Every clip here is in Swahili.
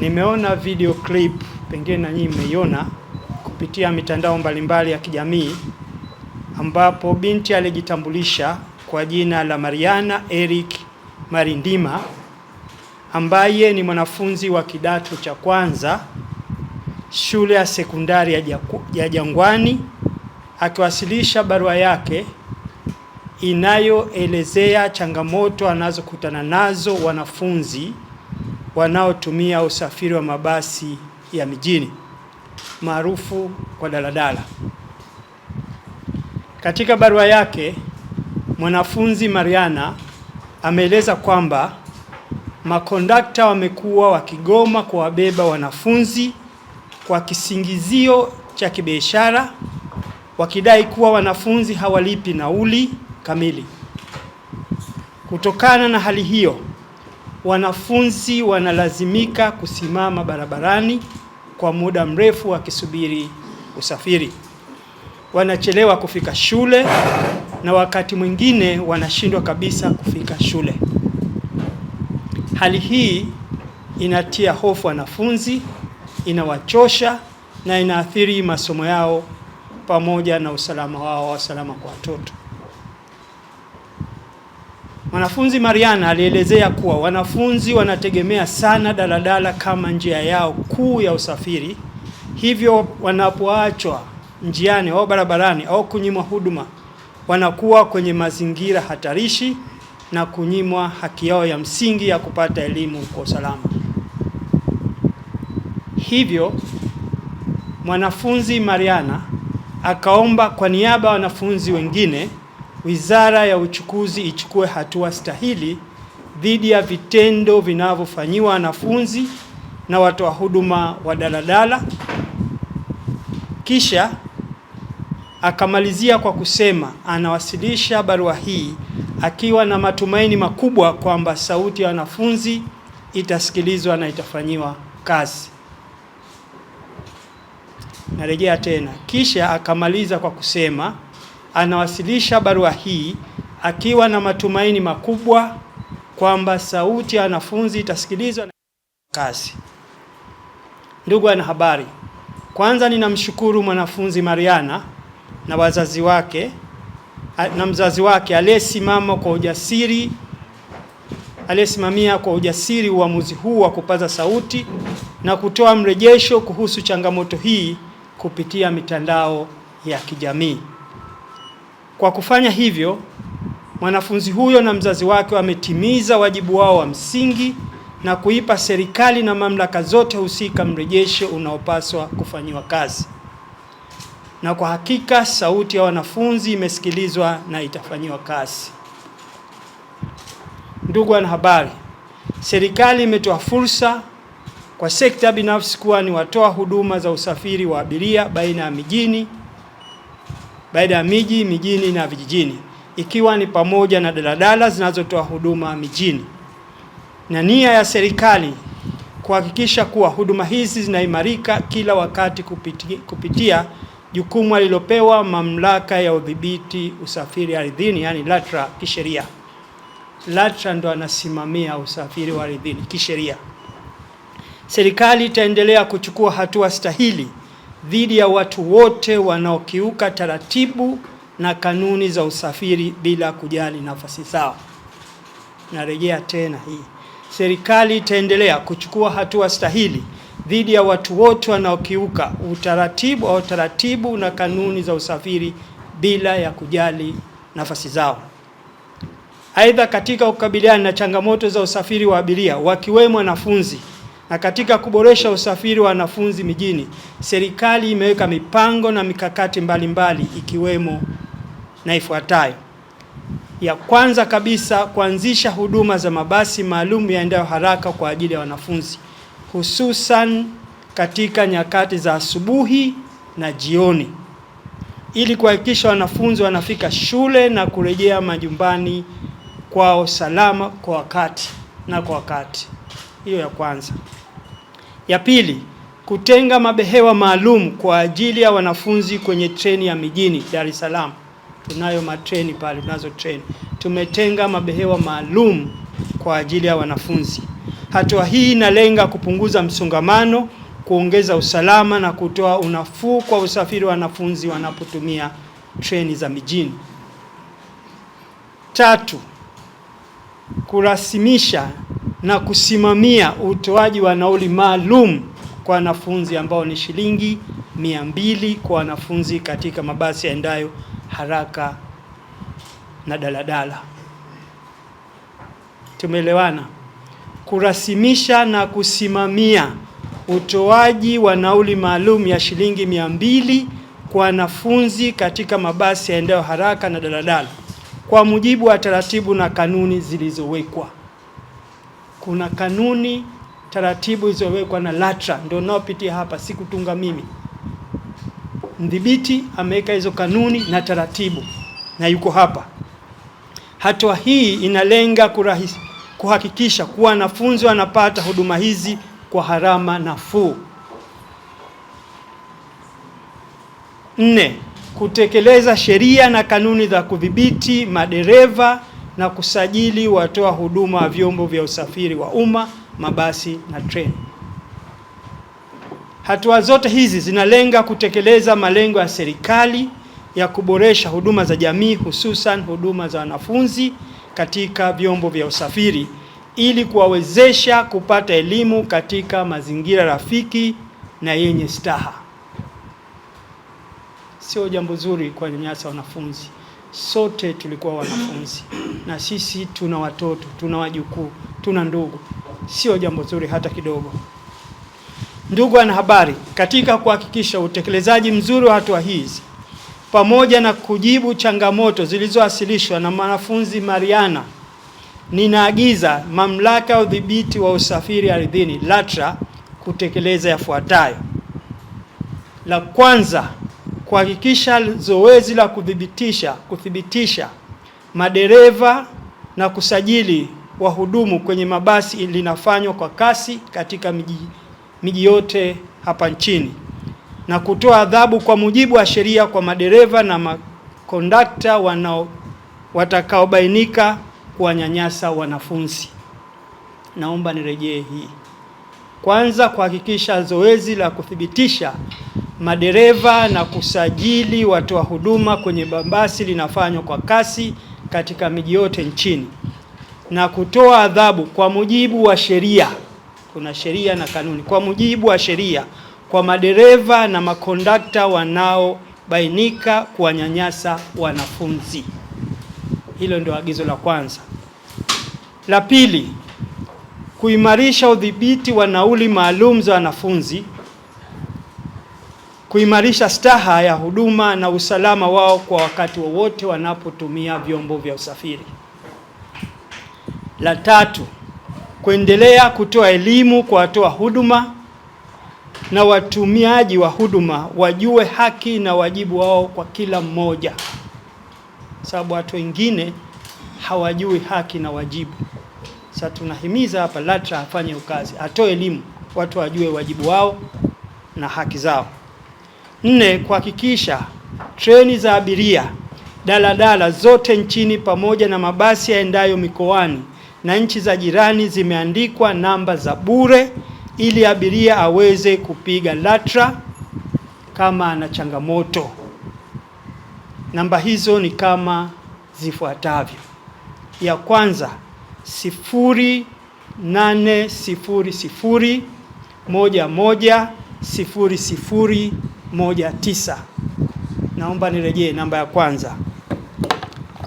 Nimeona video clip, pengine na nyinyi mmeiona kupitia mitandao mbalimbali ya kijamii, ambapo binti alijitambulisha kwa jina la Mariana Eric Marindima ambaye ni mwanafunzi wa kidato cha kwanza shule ya sekondari ya Jangwani, akiwasilisha barua yake inayoelezea changamoto anazokutana nazo wanafunzi wanaotumia usafiri wa mabasi ya mijini maarufu kwa daladala. Katika barua yake, mwanafunzi Mariana ameeleza kwamba makondakta wamekuwa wakigoma kuwabeba wanafunzi kwa kisingizio cha kibiashara, wakidai kuwa wanafunzi hawalipi nauli kamili. Kutokana na hali hiyo, wanafunzi wanalazimika kusimama barabarani kwa muda mrefu wakisubiri usafiri, wanachelewa kufika shule na wakati mwingine wanashindwa kabisa kufika shule. Hali hii inatia hofu wanafunzi, inawachosha na inaathiri masomo yao pamoja na usalama wao, wa usalama kwa watoto. Mwanafunzi Mariana alielezea kuwa wanafunzi wanategemea sana daladala kama njia yao kuu ya usafiri, hivyo wanapoachwa njiani au barabarani au kunyimwa huduma, wanakuwa kwenye mazingira hatarishi na kunyimwa haki yao ya msingi ya kupata elimu kwa usalama. Hivyo mwanafunzi Mariana akaomba kwa niaba ya wanafunzi wengine Wizara ya Uchukuzi ichukue hatua stahili dhidi ya vitendo vinavyofanyiwa wanafunzi na watoa huduma wa daladala. Kisha akamalizia kwa kusema anawasilisha barua hii akiwa na matumaini makubwa kwamba sauti ya wanafunzi itasikilizwa na itafanyiwa kazi. Narejea tena. Kisha akamaliza kwa kusema anawasilisha barua hii akiwa na matumaini makubwa kwamba sauti ya wanafunzi itasikilizwa na kazi. Ndugu wanahabari, kwanza ninamshukuru mwanafunzi Mariana na wazazi wake na mzazi wake aliyesimama kwa ujasiri aliyesimamia kwa ujasiri uamuzi huu wa kupaza sauti na kutoa mrejesho kuhusu changamoto hii kupitia mitandao ya kijamii. Kwa kufanya hivyo, mwanafunzi huyo na mzazi wake wametimiza wajibu wao wa msingi na kuipa serikali na mamlaka zote husika mrejesho unaopaswa kufanyiwa kazi. Na kwa hakika sauti ya wanafunzi imesikilizwa na itafanyiwa kazi. Ndugu wanahabari, serikali imetoa fursa kwa sekta binafsi kuwa ni watoa huduma za usafiri wa abiria baina ya mijini baina ya miji, mijini na vijijini, ikiwa ni pamoja na daladala zinazotoa huduma mijini, na nia ya serikali kuhakikisha kuwa huduma hizi zinaimarika kila wakati kupiti, kupitia jukumu alilopewa mamlaka ya udhibiti usafiri ardhini, yani LATRA kisheria. LATRA ndo anasimamia usafiri wa ardhini kisheria. Serikali itaendelea kuchukua hatua stahili dhidi ya watu wote wanaokiuka taratibu na kanuni za usafiri bila kujali nafasi zao. Narejea tena hii, serikali itaendelea kuchukua hatua stahili dhidi ya watu wote wanaokiuka utaratibu au taratibu na kanuni za usafiri bila ya kujali nafasi zao. Aidha, katika kukabiliana na changamoto za usafiri wa abiria wakiwemo wanafunzi na katika kuboresha usafiri wa wanafunzi mijini, serikali imeweka mipango na mikakati mbalimbali mbali, ikiwemo na ifuatayo. Ya kwanza kabisa, kuanzisha huduma za mabasi maalum yaendayo haraka kwa ajili ya wanafunzi hususan katika nyakati za asubuhi na jioni ili kuhakikisha wanafunzi wanafika shule na kurejea majumbani kwao salama kwa wakati na kwa wakati. Hiyo ya kwanza. Ya pili, kutenga mabehewa maalum kwa ajili ya wanafunzi kwenye treni ya mijini Dar es Salaam. Tunayo matreni pale, tunazo treni. Tumetenga mabehewa maalum kwa ajili ya wanafunzi. Hatua hii inalenga kupunguza msongamano, kuongeza usalama na kutoa unafuu kwa usafiri wa wanafunzi wanapotumia treni za mijini. Tatu, kurasimisha na kusimamia utoaji wa nauli maalum kwa wanafunzi ambao ni shilingi mia mbili kwa wanafunzi katika mabasi yaendayo haraka na daladala. Tumeelewana? Kurasimisha na kusimamia utoaji wa nauli maalum ya shilingi mia mbili kwa wanafunzi katika mabasi yaendayo haraka na daladala kwa mujibu wa taratibu na kanuni zilizowekwa kuna kanuni taratibu zilizowekwa na LATRA, ndio naopitia hapa, si kutunga mimi. Mdhibiti ameweka hizo kanuni na taratibu na yuko hapa. Hatua hii inalenga kurahis, kuhakikisha kuwa wanafunzi wanapata huduma hizi kwa harama nafuu. Nne, kutekeleza sheria na kanuni za kudhibiti madereva na kusajili watoa huduma wa vyombo vya usafiri wa umma, mabasi na treni. Hatua zote hizi zinalenga kutekeleza malengo ya serikali ya kuboresha huduma za jamii, hususan huduma za wanafunzi katika vyombo vya usafiri ili kuwawezesha kupata elimu katika mazingira rafiki na yenye staha. Sio jambo zuri kwa nyanyasa wanafunzi sote tulikuwa wanafunzi na sisi tuna watoto, tuna wajukuu, tuna ndugu. Sio jambo zuri hata kidogo. Ndugu wanahabari, katika kuhakikisha utekelezaji mzuri wa hatua hizi pamoja na kujibu changamoto zilizowasilishwa na mwanafunzi Mariana, ninaagiza mamlaka ya udhibiti wa usafiri ardhini LATRA kutekeleza yafuatayo. La kwanza kuhakikisha zoezi la kudhibitisha kuthibitisha madereva na kusajili wahudumu kwenye mabasi linafanywa kwa kasi katika miji, miji yote hapa nchini na kutoa adhabu kwa mujibu wa sheria kwa madereva na makondakta wanao watakaobainika kuwanyanyasa wanafunzi. Naomba nirejee hii. Kwanza, kuhakikisha zoezi la kuthibitisha madereva na kusajili watoa huduma kwenye mabasi linafanywa kwa kasi katika miji yote nchini na kutoa adhabu kwa mujibu wa sheria. Kuna sheria na kanuni, kwa mujibu wa sheria kwa madereva na makondakta wanaobainika kuwanyanyasa wanafunzi. Hilo ndio agizo la kwanza. La pili, kuimarisha udhibiti wa nauli maalum za wanafunzi kuimarisha staha ya huduma na usalama wao kwa wakati wowote wa wanapotumia vyombo vya usafiri. La tatu, kuendelea kutoa elimu kwa watoa huduma na watumiaji wa huduma wajue haki na wajibu wao kwa kila mmoja, sababu watu wengine hawajui haki na wajibu. Sasa tunahimiza hapa LATRA afanye ukazi, atoe elimu, watu wajue wajibu wao na haki zao. Nne, kuhakikisha treni za abiria, daladala zote nchini pamoja na mabasi yaendayo mikoani na nchi za jirani zimeandikwa namba za bure ili abiria aweze kupiga LATRA kama ana changamoto. Namba hizo ni kama zifuatavyo: ya kwanza moja 11 sifuri moja tisa. Naomba nirejee namba ya kwanza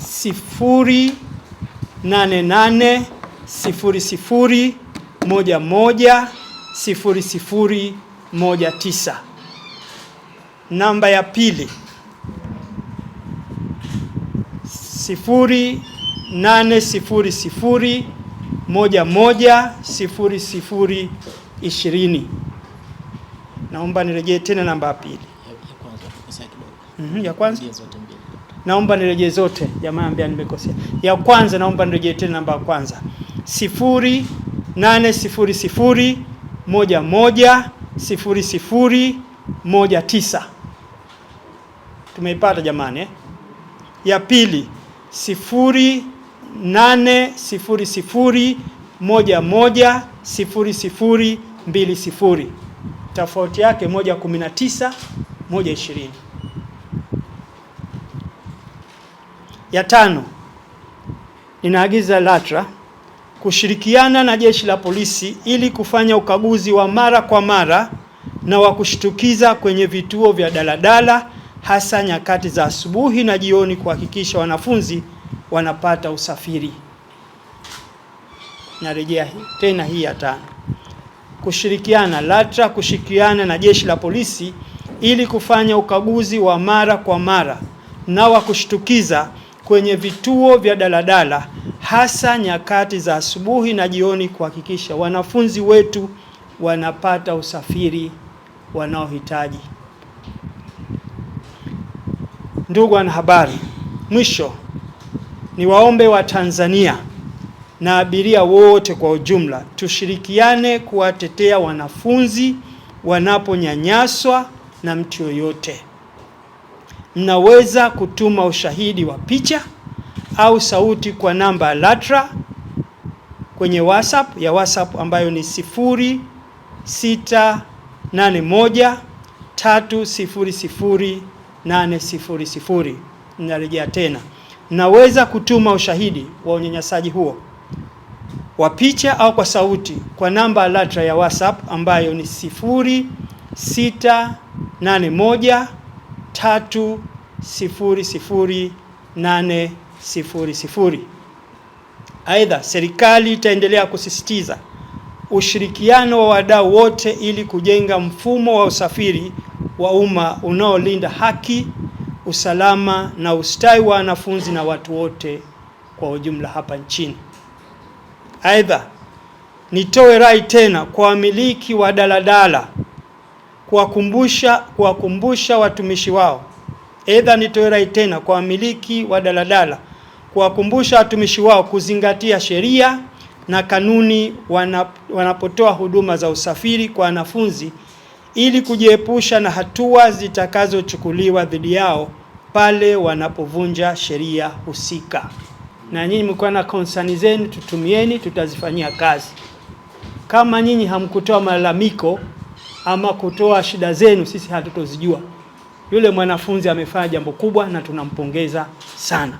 sifuri nane nane sifuri sifuri moja moja sifuri sifuri moja tisa. Namba ya pili sifuri nane sifuri sifuri moja moja sifuri sifuri ishirini. Naomba nirejee tena namba ya pili mhm, ya kwanza naomba nirejee zote. Jamaa ambia nimekosea. Ya kwanza naomba nirejee tena namba ya kwanza, sifuri nane sifuri sifuri moja moja sifuri sifuri moja tisa. Tumeipata jamani eh? Ya pili sifuri nane sifuri sifuri moja moja sifuri sifuri mbili sifuri tofauti yake moja kumi na tisa moja ishirini. Ya tano, ninaagiza LATRA kushirikiana na jeshi la polisi ili kufanya ukaguzi wa mara kwa mara na wa kushtukiza kwenye vituo vya daladala hasa nyakati za asubuhi na jioni kuhakikisha wanafunzi wanapata usafiri. Narejea tena hii ya tano kushirikiana LATRA kushirikiana na jeshi la polisi ili kufanya ukaguzi wa mara kwa mara na wa kushtukiza kwenye vituo vya daladala hasa nyakati za asubuhi na jioni kuhakikisha wanafunzi wetu wanapata usafiri wanaohitaji. Ndugu wanahabari, mwisho niwaombe Watanzania na abiria wote kwa ujumla, tushirikiane kuwatetea wanafunzi wanaponyanyaswa na mtu yoyote. Mnaweza kutuma ushahidi wa picha au sauti kwa namba LATRA kwenye WhatsApp ya WhatsApp ambayo ni 0681 300800. Ninarejea tena, mnaweza kutuma ushahidi wa unyanyasaji huo wa picha au kwa sauti kwa namba LATRA ya WhatsApp ambayo ni sifuri sifuri. Aidha, serikali itaendelea kusisitiza ushirikiano wa wadau wote ili kujenga mfumo wa usafiri wa umma unaolinda haki, usalama na ustawi wa wanafunzi na watu wote kwa ujumla hapa nchini. Aidha, nitoe rai tena kwa wamiliki wa daladala kuwakumbusha kuwakumbusha watumishi wao. Aidha, nitoe rai tena kwa wamiliki wa daladala kuwakumbusha watumishi wao kuzingatia sheria na kanuni wanapotoa huduma za usafiri kwa wanafunzi ili kujiepusha na hatua zitakazochukuliwa dhidi yao pale wanapovunja sheria husika na nyinyi mlikuwa na konsani zenu, tutumieni, tutazifanyia kazi. Kama nyinyi hamkutoa malalamiko ama kutoa shida zenu, sisi hatutozijua. Yule mwanafunzi amefanya jambo kubwa na tunampongeza sana.